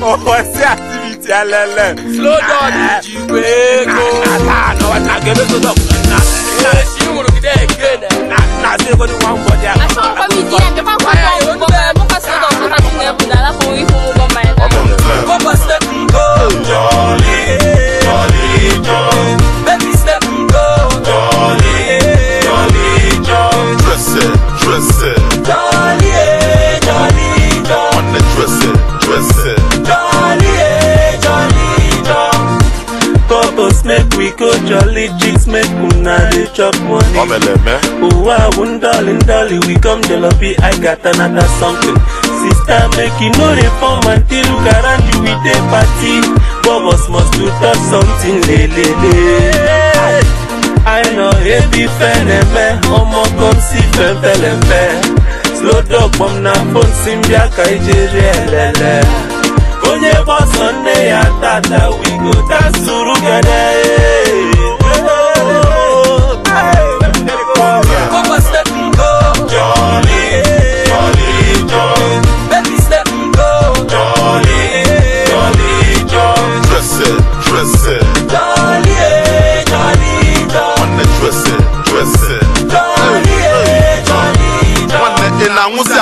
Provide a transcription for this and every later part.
ọwọ́ sí oh, activity alẹ́lẹ̀. slow down ìjìwé kó. àtàlọ́ àtàgẹ́lẹ́ tó dọ̀kú. twist it, twist it. Jolly, eh, jolly, jolly. Couples make we go jolly, chicks make una dey chop money. Omele Oh, Owa wun darling, dolly, we come jalopy, I got another something. Sister make you no dey form until look around you we dey party. Bobos must do touch something le. I know it man, feneme, omo come see fenfelemfe. lodogbo m na-afụ nsi mbịa ka iji e ri elele onye bọsọ nne ya tata wigo tasuru gedee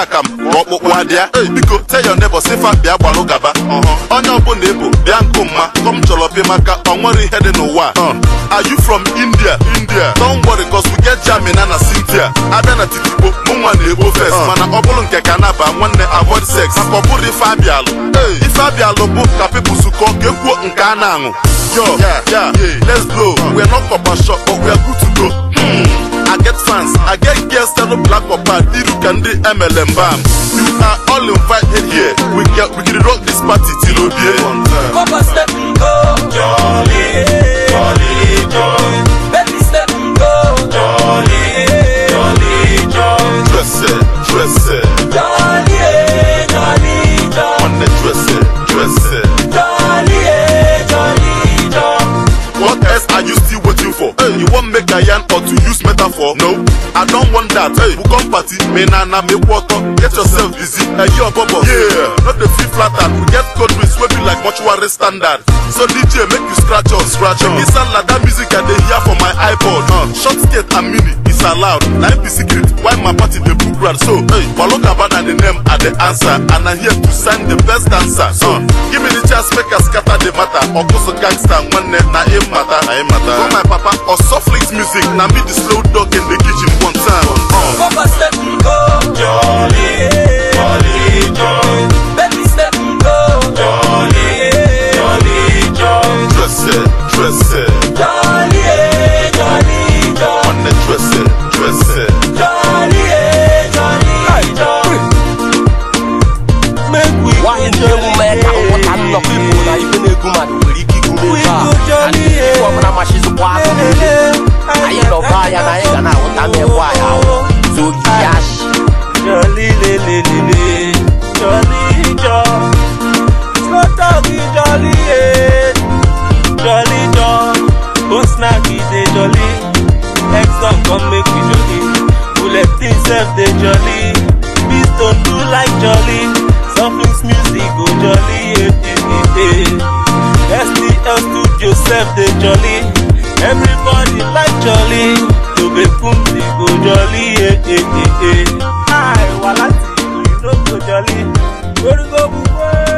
aka m wụọ ọkpụkpụ adịa ei biko tell your neighbor sị fa bịa gbalụ gaba uh-huh. onye ọbụla ebu bịa nkụ mma kọm chọlọpị maka ọ nwere ihe dị n'ụwa uh-huh. are you from india india don't worry cause we get jamina na cynthia abịa na titikpo mụnwa na-egbo fes uh-huh. mana ọ bụrụ nke ka na-aba nwanne avoid sex maka ọ bụrụ ife abịalụ ife abịalụ bụ ka pepụ zukọ ka ekwuo nke a na-aṅụ yo yeah, yeah, let's go we're not shop, but we're good to go hmm. I get fans MLM BAM. You are all invited here. We can, we can rock this party till Obie. Come on, step and go. Jolly, jolly, jolly. Baby, step and go. Jolly, jolly, jolly. Dress it, dress it. Jolly, jolly, jolly. Wanna dress it, dress it. Jolly, jolly, jolly. What else are you still waiting for? Hey. You want make a yarn or to use metaphor? I don't want that. Hey, we come party, men and na me water. Get yourself busy, hey, your bubble. Yeah, not the feel flattered. We get code with we be like mortuary standard. So DJ, make you scratch on, scratch on. It's sound like that music I dey hear for my iPod. Uh, short skate and mini it's allowed. Life is secret. Why my party dey brand. So, hey, Waloka Bana, the name are the answer. And I'm here to send the best answer. So, uh. give me the chance, make us scatter the matter. Or cause a gangster, one name, na him matter. Na him matter. So, my papa, or soft music. Now me the slow dog in the kitchen one time. Oh. Papa, step, go. ya na anyị ga na-awụta ma egwu anyị ahụ zogiyashi jolilelelele joli jọ slotọgi joli e joli jọ o snack dey joli exxon come make we joli bulletin sef dey joli piston do like joli softwings music go joli e e e e stl studio sef dey joli every. ee ee ee. Àìwá láti ìlú ìlú tó jọlé. Orúkọ bukọ́.